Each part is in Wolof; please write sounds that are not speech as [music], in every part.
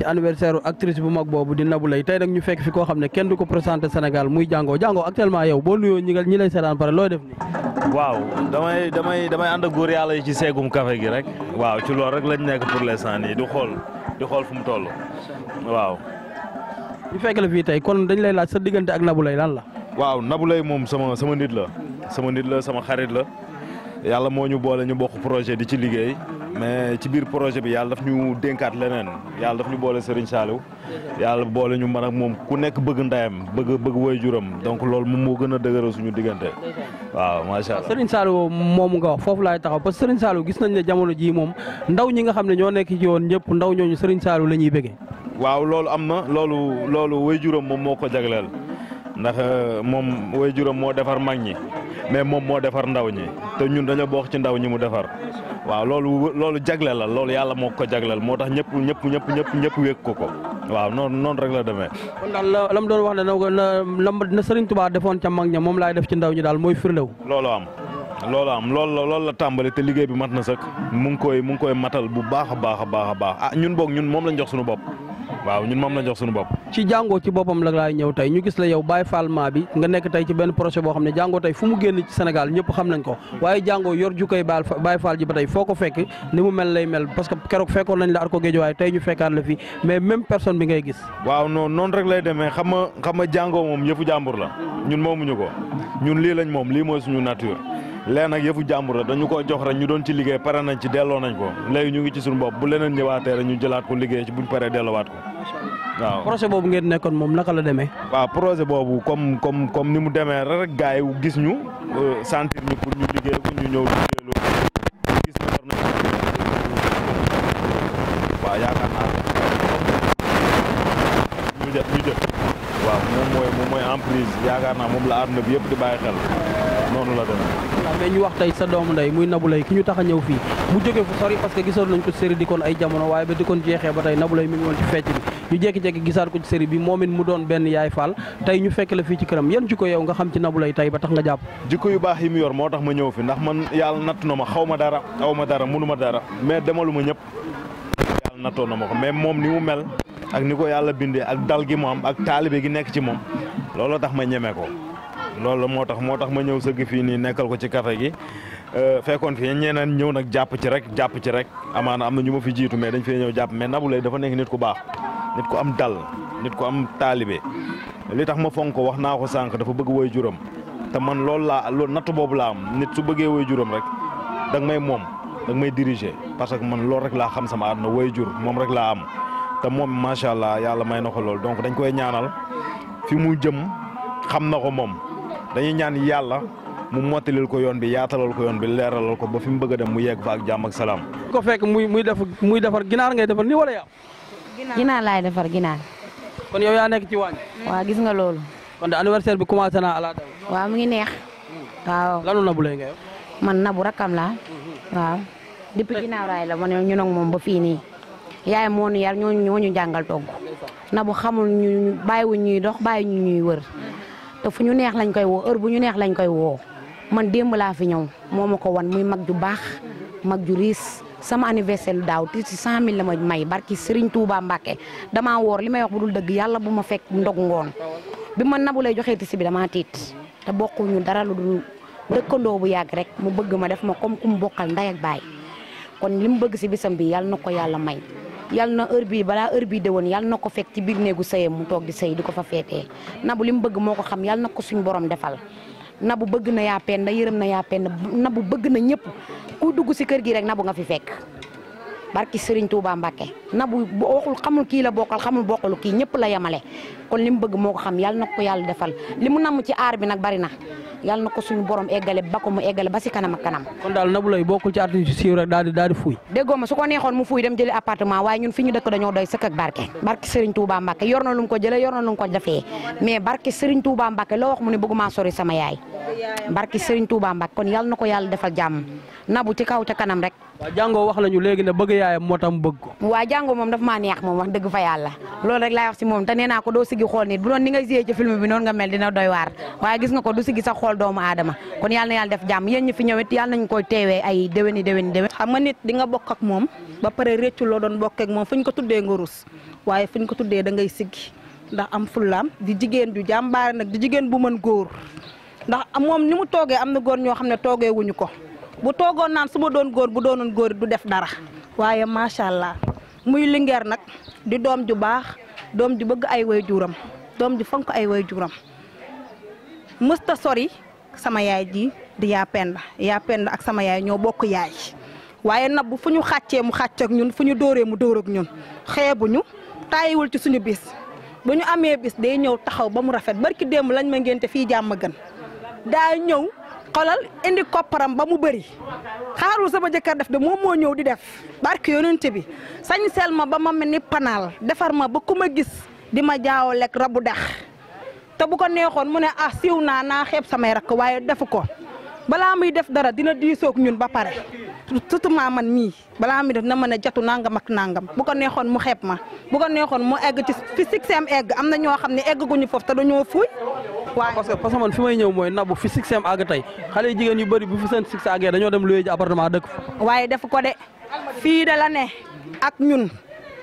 ci anniversaire actrice bu mag boobu di Nabou Leye tey nag ñu fekk fi koo xam ne kenn du ko présenté Sénégal muy Django Django actuellement yow boo nuyoo ñi ñi lay seetaan pare looy def ni waaw damay damay damay ànd a góor yàlla yi ci seegum café gi rek waaw ci loolu rek lañu nekk pour l'instant nii du xool di xool fu mu toll waaw. ñu fekk la fii tey kon dañ lay laaj sa diggante ak Nabou Leye lan la. waaw Nabou Leye moom sama sama nit la sama nit la sama xarit la yàlla moo ñu boole ñu bokk projet di ci liggéey. mais ci biir projet bi yàlla daf ñu dénkaat leneen yàlla daf ñu boole Serigne Saliou yàlla boole ñu man ak moom ku nekk bëgg ndayam bëgg bëgg juróom donc loolu moom moo gën a dëgëral suñu diggante waaw macha allah Serigne Saliou moom nga foofu laay taxaw parce que Serigne gis nañ ne jamono jii moom ndaw ñi nga xam ne ñoo nekk ci yoon ñëpp ndaw ñooñu Serigne Saliou la ñuy bëggee waaw loolu am na loolu loolu juróom moom moo ko jagleel ndax euh, moom wa juróom moo defar mag ñi mais moom moo defar ndaw ñi te ñun dañoo bokk ci ndaw ñi mu defar waaw loolu loolu jagle la loolu yàlla moo ko jagleel moo tax ñëpp ñëpp ñëpp ñëpp ñëpp wékk ko ko waaw noonu noonu rek la demee. kon daal la mu doon wax ne na na Serigne Touba defoon ca mag ña moom laay def ci ndaw ñi daal mooy firndew. loolu am. loolu am loolu la loolu la tàmbali te liggéey bi mat na sëkk mu ngi koy mu koy matal bu baax baax a baax a baax ah ñun boog ñun moom lañ jox suñu bopp waaw ñun moom lañ jox suñu bopp. ci jàngoo ci boppam la laay ñëw tey ñu gis la yow Baye Fall ma bi nga nekk tey ci benn projet boo xam ne jàngoo tey fu mu génn ci Sénégal ñëpp xam nañ ko waaye jàngoo yor jukkay Baye Fall ji ba tey foo ko fekk mu mel lay mel parce que keroog fekkoon nañ la ar ko géej waaye tey ñu fekkaat la fi mais même person bi ngay gis. waaw non noonu rek lay demee xam nga xam nga jàngoo moom yëfu jàmbur la ñun ñu ko ñun lii lañ moom lii mooy suñu nature léegi nag yëfu jàmbur la dañu koo jox rek ñu doon ci liggéey pare nañ ci delloo nañ ko léegi ñu ngi ci suñu bopp bu leneen ñëwaatee rek ñu jëlaat ko liggéey ci buñ paree delloowaat ko waaw projet boobu ngeen nekkoon moom naka la demee waaw projet boobu comme comme comme ni mu demee rek gars yi gis ñu euh, sentir ñu pour ñu liggéey ko ñu ñëw liggéey loolu gis na war nañ waaw yaakaar naa moom mooy moom mooy yaakaar naa moom la àdduna bi yëpp di bàyyi xel noonu la demee la ñu wax tey sa doomu ndey muy Nabou Leye ki ñu tax a ñëw fii mu jóge fu sori parce que gisoon nañ ko série dikoon ay jamono waaye ba dikoon jeexee ba tey Nabou Leye mi ngi woon ci fecc bi ñu jékki-jékki gisaat ko ci série bi moom mu doon benn yaay faal tey ñu fekk la fii ci këram yan jikko yow nga xam ci Nabou Leye tey ba tax nga jàpp jikko yu baax yi mu yor moo tax ma ñëw fi ndax man yàlla natt na ma xaw ma dara aw ma dara munu ma dara mais demalu ma ñëpp yàlla na ma ko mais moom ni mu mel ak ni ko yàlla bindee ak dal gi mu am ak taalibe gi nekk ci moom looloo tax ma ñeme ko loolu moo tax moo tax ma ñëw sëgg fii nii nekkal ko ci café gi euh, fekkoon fi ñeneen ñëw nag jàpp ci rek jàpp ci rek amaana am na ñu ma fi jiitu mais dañ fee ñëw jàpp mais Nabou Leye dafa nekk nit ku baax nit ku am dal nit ku am taalibe li tax ma fonk ko wax naa ko sànq dafa bëgg woy juróom te man loolu laa loolu natt boobu laa am nit su bëggee woy juram rek danga may moom danga may diriger parce que man loolu rek laa xam sama na woy jur moom rek laa am te moom macha allah yàlla may na ko loolu donc dañ koy ñaanal fi mu jëm xam na ko moom dañuy ñaan yalla mu mottalil ko yoon bi yaatalal ko yoon bi leeralal ko ba fi bëgg dem mu yegg fa ak jamm ak salam ko fekk muy muy def muy defar ginaar ngay defar ni wala ya ginaar lay defar ginaar. kon yow ya nek ci wañ wa gis nga loolu. kon da anniversaire bi commencé na ala daw. wa mu ngi neex. waaw lanu nabu lay nga yow. man nabu rakam la waaw depuis ginnaaw raay la man ñun ak mom ba fi ni yaay moo ñu yar ñoo ñu jangal togg. nabu xamul ñu bayiwu ñuy dox bayiwu ñuy wër. te fu ñu neex lañ koy woo heure bu ñu neex lañ koy woo man démb laa fi ñëw moo ma ko wan muy mag ju baax mag ju riis sama anniversaire lu daaw ti ci cent mille la may barki Serigne Touba Mbacke dama woor li may wax bu dul dëgg yàlla bu ma fekk ndog ngoon bi ma nabu lay joxee si bi damaa tiit te bokkuñu dara lu dul dëkkandoo bu yàgg rek mu bëgg ma def ma comme ku mu bokkal ndey ak baay kon li mu bëgg si bisam bi yàlla na ko yàlla may. yal na heure bii balaa heure bii déwoon yal na ko fekk ci biir néegu sëyam mu toog di sëy di ko fa na bu li mu bëgg moo ko xam yal na ko suñu borom defal nabu bëgg na yaa penda yërëm na yaa penda nabu bëgg na ñëpp ku dugg si kër gi rek nabu nga fi fekk barki tubaa Touba na bu waxul xamul kii la bokkal xamul bokkul kii ñëpp la yemale kon li mu bëgg moo ko xam yal na ko yàlla defal li mu namu ci aar bi nag bari na yàlla na ko suñu borom eggale ba ko mu eggale ba si kanam ak kanam. kon daal Nabou Leye bokkul ci artiste siiw rek daal di daal di fuuy. déggoo ma su ko neexoon mu fuuy dem jëli appartement waaye ñun fi ñu dëkk dañoo doy sëkk barke. barke Serigne Touba Mbacke yor na ko jëlee yor na lu mu ko defee mais barke Serigne Touba Mbacke loo wax mu ne bëgguma sori sama yaay barke Serigne Touba Mbacke kon yàlla na ko yàlla defal jàmm Nabou ci kaw ca kanam rek wajango jàngoo wax nañu léegi ne bëgg yaayam moo tax bëgg ko waa jàngoo moom dafa maa neex moom wax dëgg fa yàlla loolu rek laay wax si moom te nee naa ko doo sigi xool nit bu doon ni nga gisee ci film bi noonu nga mel dina doy waar waaye gis nga ko du sigi sax xool doomu aadama kon yàlla na yàlla def jàmm yéen ñi fi ñëwit yalla nañ koy teewee ay déwéni déwéni déwén xam nga nit di nga bokk ak moom ba pare réccu loo doon bokk ak moom fu ñu ko tuddee nga rus waaye fu ñu ko tuddee da ngay siggi ndax am fullaam di jigéen ju jàmbaare nag di jigéen bu mën góor ndax moom ni mu toogee am na góor ñoo wuñu ko bu togon nan suma don gor bu donon gor du def dara waaye macha allah muy nak di dom ju dom jubah ju bëgg ay way dom doom ju fonk ay way musta sori sama yaay ji di ya penda ya penda ak sama yaay ño bokk yaay waye nabbu fu ñu xàccee mu xàcc ak ñun fuñu ñu mu dóor ak ñun xébuñu tàyyiwul ci suñu bis buñu amé bis day ñew taxaw ba mu rafet barki dem lañ ma ngénte fi jamm gën da ñew xolal indi kopparam ba mu bëri xaarul sama jëkkër def de moom moo ñëw di def barke yonente bi sañ seel ma ba ma mel ni panaal defar ma ba ku ma gis di ma jaaw lekk rabu dex te bu ko neexoon mu ne ah siiw naa naa xeeb samay rakk waaye defu ko balaa muy def dara dina diisoog ñun ba pare surtout maa man mii balaa muy def na mën a jatu nangam ak nangam bu ko neexoon mu xeeb ma bu neexoon mu egg ci fi egg am na ñoo xam ne egg guñu foofu te dañoo fu waaw parce que parce que man fi may ñëw mooy nabu fi sixième àgg tey xale yi jigéen yu bëri bu fi seen six àggee dañoo dem lu ji appartement dëkk fa waaye def ko de fii da la ne ak ñun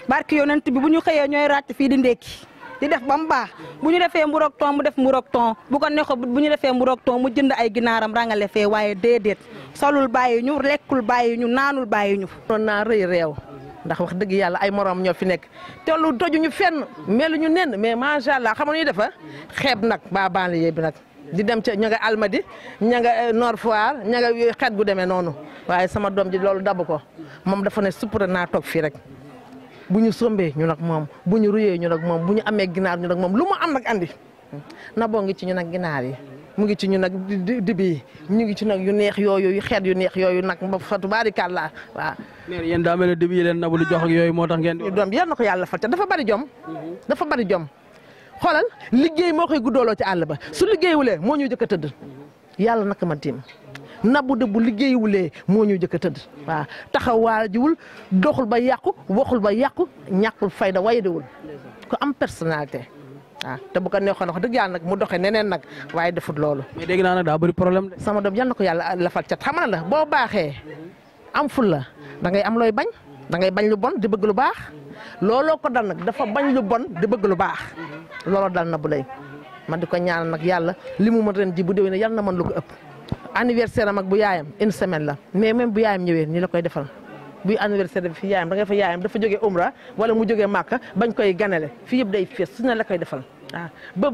barki yonent bi bu ñu xëyee ñooy ràcc fii di ndékki di def ba mu baax bu ñu defee mburoog ton mu def mburoog ton bu ko neexoo bu ñu defee mburoog ton mu jënd ay ginaaram rangale fee waaye déedéet solul bàyyi ñu lekkul bàyyi ñu naanul bàyyi ñu. doon naa rëy reew ndax wax dëgg yàlla ay moroom ñoo fi nekk te lu dojuñu fenn melu ñu nen mais macha allah xam nga defa xeeb nag ba banlieue bi nag. di dem ca ña nga Almadi ña nga euh, Nord Foire ña xeet gu demee noonu waaye sama doom ji loolu dabu ko moom dafa ne suppura naa toog fii rek. bu ñu sombee ñu nag moom bu ñu ruyee ñu nag moom bu ñu amee ginaar ñu nag moom lu mu am nag andi na boo ngi ci ñu nag ginaar yi. mu ngi ci ñu nag di bi ñu ngi ci nag yu neex yooyu yu xeet yu neex yooyu nag fa fatu baari kàlla waaw. mais yéen daa mel ne dibi yi leen nabu di jox yooyu moo tax ngeen. doom yal ko yàlla fal te dafa bari jom. dafa bari jom xoolal liggéey moo koy guddooloo ci àll ba su liggéeywulee moo ñu jëkk tëdd yàlla naka ma tiim nabu de bu liggéeywulee moo ñu jëkk a tëdd waaw taxawaajiwul doxul ba yàqu waxul ba yàqu ñàkkul fayda wayadiwul ko am personnalité. waaw ah, te bu ko neexoon wax deug yàlla nag mu doxé nenen nag waye defut lolu mais dégg na nak daa bari problème sama dom yalla nak yalla la fal cat xam na la bo baxé am ful la da ngay am loy bañ da ngay bañ lu bon di bëgg lu bax looloo ko dal nag dafa bañ lu bon di bëgg lu bax looloo dal na bu lay man diko ñaan nak nag limu ma reen mën ji bu na man lu ko ëpp anniversaire am bu yaayam une semaine la mais même bu yaayam ñëwé ni la koy defal. buy anniversaire bi fi yaayam da nga fa yaayam dafa jógee umra wala mu jógee màkka bañ koy ganale fii yëpp day fees su ne la koy defal ah, ba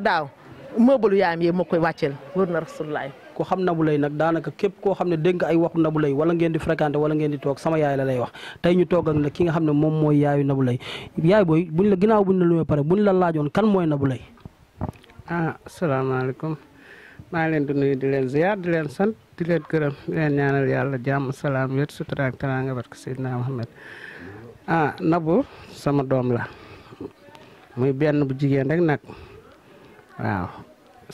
daaw mëbalu yaayam yee moo koy wàcceel wër na rasulullaay ko xam Nabou Leye nag daanaka képp koo xam ne dégg nga ay waxu Nabou Leye wala ngeen di fréquenté wala ngeen di toog sama yaay la lay wax tey ñu toog ak nag ki nga xam ne moom mooy yaayu Nabou Leye yaay booy buñ la ginnaaw buñ la lumee pare buñ la laajoon kan mooy Nabou Leye ah asalaamaaleykum maa leen di nuyu di di leen sant di leen gërëm di leen ñaanal yàlla jàmm salaam wet wér sutura ak teraanga barke Seydina Mohamed ah Nabou sama doom la muy benn bu jigéen rek nag waaw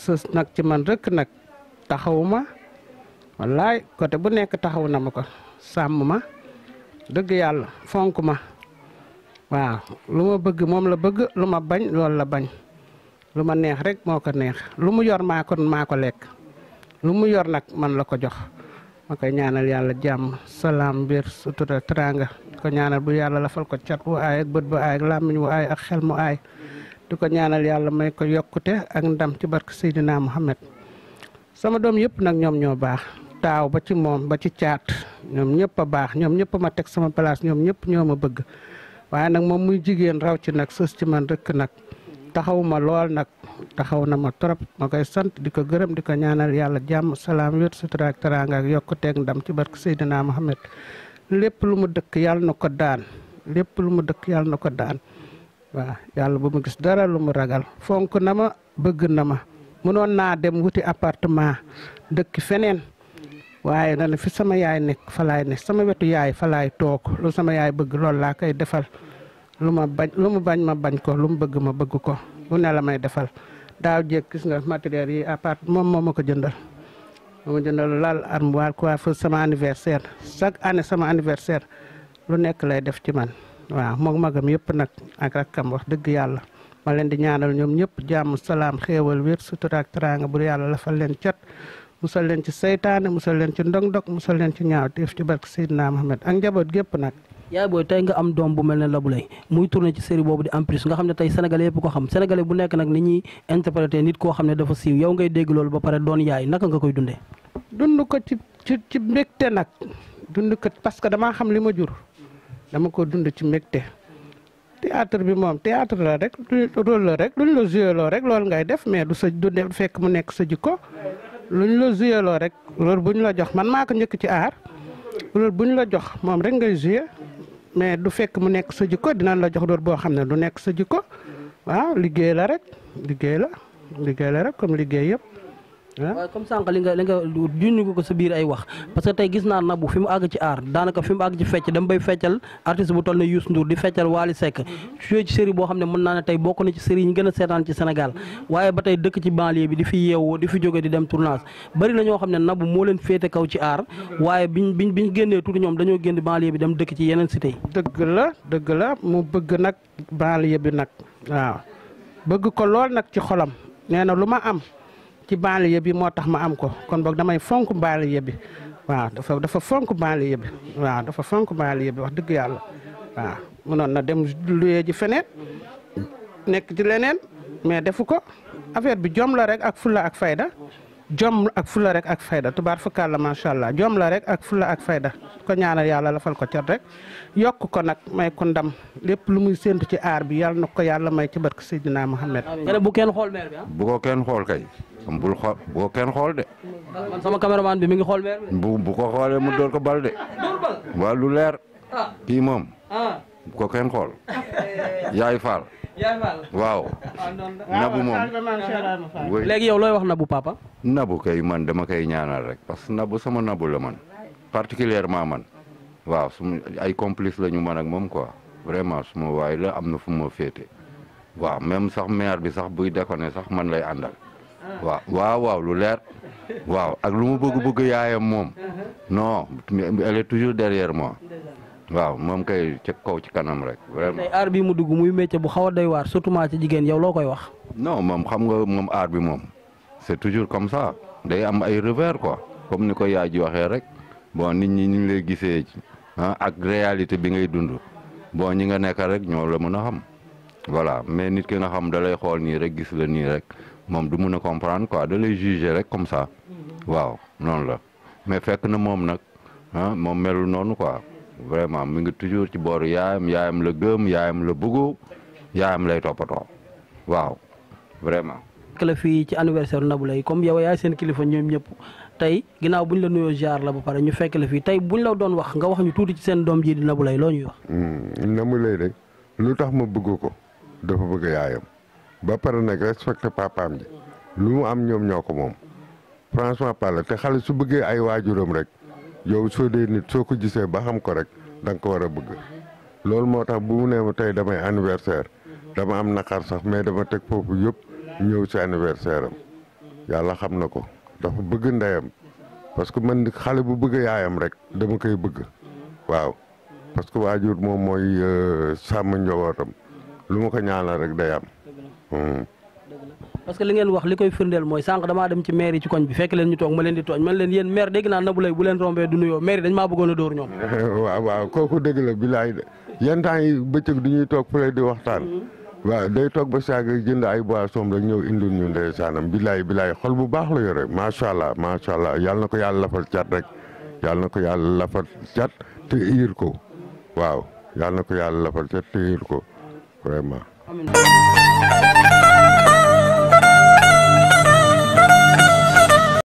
sës nag ci man rek nag taxawu ma wallaay côté bu nekk taxaw na ma ko sàmm ma dëgg yàlla fonk ma waaw lu ma bëgg moom la bëgg lu ma bañ loolu la bañ lu ma neex rek moo ko neex lu mu yor maa ko maa ko lekk. lu mu yor nak man la ko jox makay koy ñaanal yàlla jàmm salaam biir sutura teranga ko ñaanal bu la fal ko cat bu ay ak bët bu ay ak lamiñ bu ay ak xel mu ay di ko ñaanal yalla may ko yokute ak ndam ci barke sayyidina Muhammad sama dom yep nak ñom ñoo baax taw ba ci mom ba ci caat ñom ñëpp baax ma tek sama place ñom ñëpp ñoma ma bëgg waye nak mom muy jigen raw ci nak sos ci man rek nak taxaw ma lool nag taxaw na ma trop ma koy sant di ko gërëm di ko ñaanal yàlla jàmm salaam wér sutura ak teraanga ak yokkuteeg ndam ci barke Seydina Mohamed lépp lu mu dëkk yàlla na ko daan lépp lu mu dëkk yàlla na ko daan waaw yàlla ba mu gis dara lu mu ragal fonk na ma bëgg na ma mënoon naa dem wuti appartement dëkk feneen waaye dana fi sama yaay nekk fa laay ne sama wetu yaay fa toog lu sama yaay bëgg loolu laa koy defal. lu ma bañ lu mu bañ ma bañ ko lu mu bëgg ma bëgg ko lu ne la may defal daaw jéeg nga matériel yi à part moom moo ma ko jëndal. moo ma jëndal laal armoire coiffeuse sama anniversaire chaque année sama anniversaire lu nekk lay def ci man waaw moom magam yëpp nag ak rakkam wax dëgg yàlla. ma leen di ñaanal ñoom ñëpp jàmm salaam xéewal wér sutura ak teraanga bu yàlla la lafal leen cat musal leen ci seytaane musal leen ci ndong-ndong musal leen ci ñaaw def ci barke Seydina Mohamed ak njaboot gépp nag. Ya boy tay nga am dom bu melne la Labou muy tourner ci série bobu di en plus nga xamne tay sénégalais yépp ko xam sénégalais bu nek nak ni ñi interpréter nit ko xamne dafa siiw yow ngay dégg lool ba paré doon yaay nak nga koy dundé dund ko ci ci mbékté nak dund ko parce que dama xam lima jur dama ko dund ci mbékté théâtre bi mom théâtre la rek rôle la rek luñ la jouer lo rek lool ngay def mais du sa du fekk mu nek sa jikko luñ la jouer lo rek lool buñ la jox man mako ñëk ci art lool buñ la jox mom rek ngay jouer mais du fekk mu nekk sa jikko dinañ la jox dóor boo xam ne du nekk sa jikko mm-hmm. waaw liggéey la rek liggéey la liggéey la rek comme liggéey yëpp. waaye comme sànq li nga li nga junni ko sa biir ay wax parce que tey gis naa nabu fi mu ar ci aar daanaka fi mu ci fecc dama bay feccal artiste bu Ndour di feccal Wally Seck mhm. joué ci série boo xam mën naa ne tey bokk na ci série ñu gën a ci Sénégal mhm. waaye ba dëkk ci banlieue bi di fi yeewoo di fi jóge di dem tournage bari na ñoo nabu moo leen féete kaw ci aar waaye biñ biñ biñ génnee tuuti ñoom dañoo génn banlieue bi dem dëkk ci yeneen cité yi dëgg la dëgg la mu bëgg nag banlieue bi nag waaw bëgg ko lool ci xolam na am ci banlieue bi moo tax ma am ko kon boog damay fonk banlieue bi waaw dafa dafa fonk banlieue bi waaw dafa fonk banlieue bi wax dëgg yàlla waaw mënoon na dem luyee ji feneen nekk ci leneen mais defu ko affaire bi jom la rek ak fulla ak fayda jom ak fula rek ak fayda tubaar fukkaat la macha allah jom la rek ak fula ak fayda ko ñaanal yàlla la fal ko cat rek yokk ko nag may ko ndam lépp lu muy séntu ci aar bi yàlla na ko yàlla may ci barke Seydina Mohamed. bu kenn xool meer ah? bu ko kenn xool kay. xool bu ko kenn xool de. mi ngi xool meer bu ko xoolee mu door ko bal de. Ah, waa lu leer. Ah. kii moom. bu ko kenn xool. [laughs] yaay faal. waaw. Ah, nabu moom léegi yow looy wax nabu papa. nabu kay man dama koy ñaanal rek parce que nabu sama nabu la man particulièrement man waaw sumu ay complice la ñu man ak moom quoi vraiment suma waay la am na fu ma féete waaw même sax maire bi sax buy déconné sax man lay àndal ah. waaw waaw lu leer waaw ak lu mu bëgg-bëgg yaayam moom uh-huh. non elle est toujours derrière waaw moom kay ca kow ci kanam rek. vraiment tey mu dugg muy métier bu xaw a doy waar surtout maa ci jigéen yow loo koy wax. non moom xam nga moom aar bi moom c'est toujours comme ça day am ay revers quoi comme ni ko yaay ji waxee rek bon nit ñi ñu lay gisee ah ak réalité bi ngay dund bon ñi nga nekk rek ñoo la mën a xam voilà mais nit ki nga xam da lay xool nii rek gis la nii rek moom du mën a comprendre quoi da lay juger rek comme ça mhm. waaw noonu la mais fekk na moom nag ah moom melul noonu quoi. vraiment mu ngi toujours ci booru yaayam yaayam la gëm yaayam la bëggu yaayam lay toppatoo waaw vraiment. fekk la fii ci anniversaire nabu Leye comme yow yaay seen kilifa ñoom ñëpp tey ginnaaw buñ la nuyoo jaar la ba pare ñu fekk la fii tey buñ la doon wax nga wax ñu tuuti ci seen doom ji di Nabou Leye loo ñuy wax. Hmm, Nabou Leye rek lu tax ma bëgg ko dafa bëgg yaayam ba pare nag respecté papaam ji lu mu am ñoom ñoo ko moom franchement parler te xale su bëggee ay waajuram rek. yow soo dee nit soo ko gisee ba xam ko rek da ko war a bëgg loolu moo tax bu mu nee ma tey damay anniversaire dama am naqar sax mais dama teg foofu yëpp ñëw ci anniversaire am yàlla xam na ko dafa bëgg ndeyam parce que man xale bu bëgg yaayam rek dama koy bëgg waaw parce que waajur moom mooy euh, sàmm njabootam lu ma ko ñaanal rek day am. parce que li ngeen wax li koy firndeel mooy sànq damaa dem ci maire ci koñ bi fekk leen ñu toog ma leen di tooñ man leen yéen maire dégg naa Nabou Leye bu leen rombee du nuyoo maire dañ maa bëggoon a dóor ñoom [laughs] waaw kooku dëgg la bilaay de yenn yi bëccëg du ñuy toog fële di waxtaan mhm. waaw day toog ba saag jënd ay boisson rek ñëw indil ñu ndeysaanam bilaay bilaay xol bu baax la yore macha allah macha allah yàlla na ko yàlla lafal cat rek yàlla na ko yàlla lafal cat te iir ko waaw yàlla na ko yàlla lafal cat te iir ko vraiment